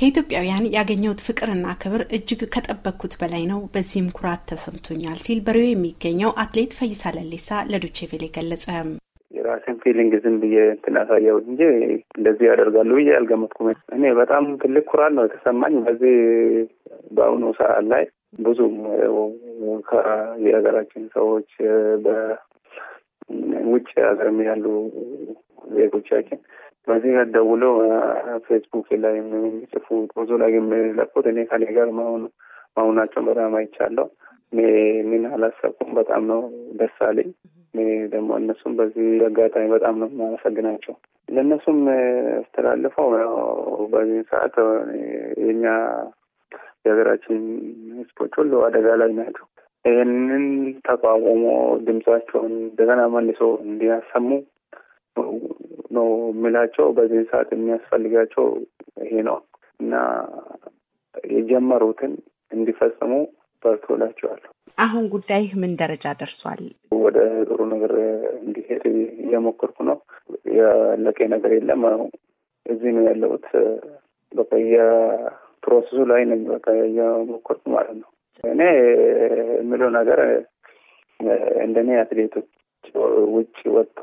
ከኢትዮጵያውያን ያገኘሁት ፍቅርና ክብር እጅግ ከጠበቅኩት በላይ ነው። በዚህም ኩራት ተሰምቶኛል ሲል በሬው የሚገኘው አትሌት ፈይሳ ለሌሳ ለዶቼቬሌ ገለጸ። የራሴን ፊሊንግ ዝም ብዬ እንትን ያሳየሁት እንጂ እንደዚህ ያደርጋሉ ብዬ አልገመትኩም። እኔ በጣም ትልቅ ኩራት ነው የተሰማኝ በዚህ በአሁኑ ሰዓት ላይ ብዙም የሀገራችን ሰዎች በውጭ ሀገርም ያሉ ዜጎቻችን በዚህ ደውለው ፌስቡክ ላይ የሚጽፉ ቆዞ ላይ የሚለቁት እኔ ከኔ ጋር መሆኑ መሆናቸውን በጣም አይቻለሁ። ምን አላሰብኩም። በጣም ነው ደስ አለኝ። ደግሞ እነሱም በዚህ አጋጣሚ በጣም ነው የማመሰግናቸው። ለእነሱም ያስተላልፈው በዚህ ሰዓት የኛ የሀገራችን ህዝቦች ሁሉ አደጋ ላይ ናቸው። ይህንን ተቋቁሞ ድምጻቸውን እንደገና መልሶ እንዲያሰሙ ነው የምላቸው። በዚህ ሰዓት የሚያስፈልጋቸው ይሄ ነው እና የጀመሩትን እንዲፈጽሙ በርቶላቸዋለሁ። አሁን ጉዳይህ ምን ደረጃ ደርሷል? ወደ ጥሩ ነገር እንዲሄድ እየሞከርኩ ነው። ያለቀ ነገር የለም። እዚህ ነው ያለሁት። በቀየ ፕሮሰሱ ላይ ነኝ። በቃ እየሞከርኩ ማለት ነው። እኔ የምለው ነገር እንደኔ አትሌቶች ውጭ ወጥቶ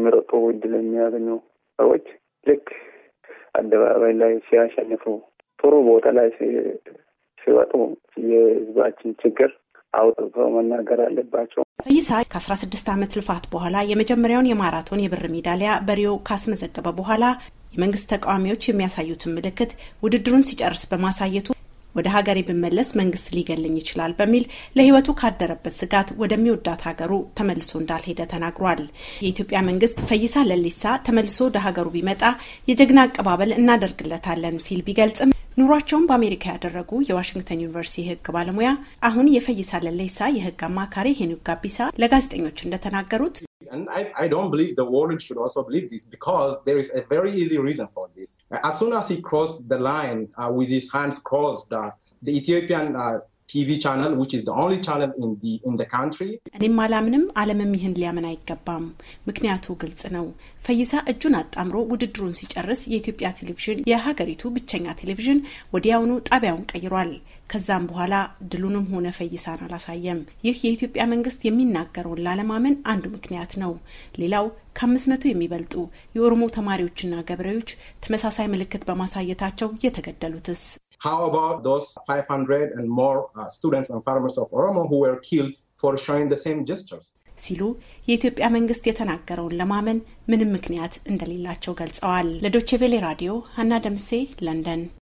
የሚረጡ እድል የሚያገኙ ሰዎች ልክ አደባባይ ላይ ሲያሸንፉ ጥሩ ቦታ ላይ ሲወጡ የህዝባችን ችግር አውጥተው መናገር አለባቸው። ፈይሳ ከአስራ ስድስት ዓመት ልፋት በኋላ የመጀመሪያውን የማራቶን የብር ሜዳሊያ በሪዮ ካስመዘገበ በኋላ የመንግስት ተቃዋሚዎች የሚያሳዩትን ምልክት ውድድሩን ሲጨርስ በማሳየቱ ወደ ሀገሬ ብመለስ መንግስት ሊገልኝ ይችላል በሚል ለህይወቱ ካደረበት ስጋት ወደሚወዳት ሀገሩ ተመልሶ እንዳልሄደ ተናግሯል። የኢትዮጵያ መንግስት ፈይሳ ለሊሳ ተመልሶ ወደ ሀገሩ ቢመጣ የጀግና አቀባበል እናደርግለታለን ሲል ቢገልጽም ኑሯቸውን በአሜሪካ ያደረጉ የዋሽንግተን ዩኒቨርሲቲ የህግ ባለሙያ አሁን የፈይሳ ለሌሳ የህግ አማካሪ ሄኖክ ጋቢሳ ለጋዜጠኞች እንደተናገሩት and I, I don't believe the world should also believe this because there is a very easy reason for this. As soon as he crossed the line uh, with his hands crossed, uh, the Ethiopian uh, ቲቪ ቻናል ዊች ኢዝ ኦንሊ ቻናል ኢን ዘ ካንትሪ። እኔም አላምንም፣ አለምም ይህን ሊያምን አይገባም። ምክንያቱ ግልጽ ነው። ፈይሳ እጁን አጣምሮ ውድድሩን ሲጨርስ የኢትዮጵያ ቴሌቪዥን የሀገሪቱ ብቸኛ ቴሌቪዥን ወዲያውኑ ጣቢያውን ቀይሯል። ከዛም በኋላ ድሉንም ሆነ ፈይሳን አላሳየም። ይህ የኢትዮጵያ መንግስት የሚናገረውን ላለማመን አንዱ ምክንያት ነው። ሌላው ከአምስት መቶ የሚበልጡ የኦሮሞ ተማሪዎችና ገበሬዎች ተመሳሳይ ምልክት በማሳየታቸው የተገደሉትስ How about those 500 and more uh, students and farmers of Oromo who were killed for showing the same gestures? ሲሉ የኢትዮጵያ መንግስት የተናገረውን ለማመን ምንም ምክንያት እንደሌላቸው ገልጸዋል። ለዶቼቬሌ ራዲዮ ሀና ደምሴ ለንደን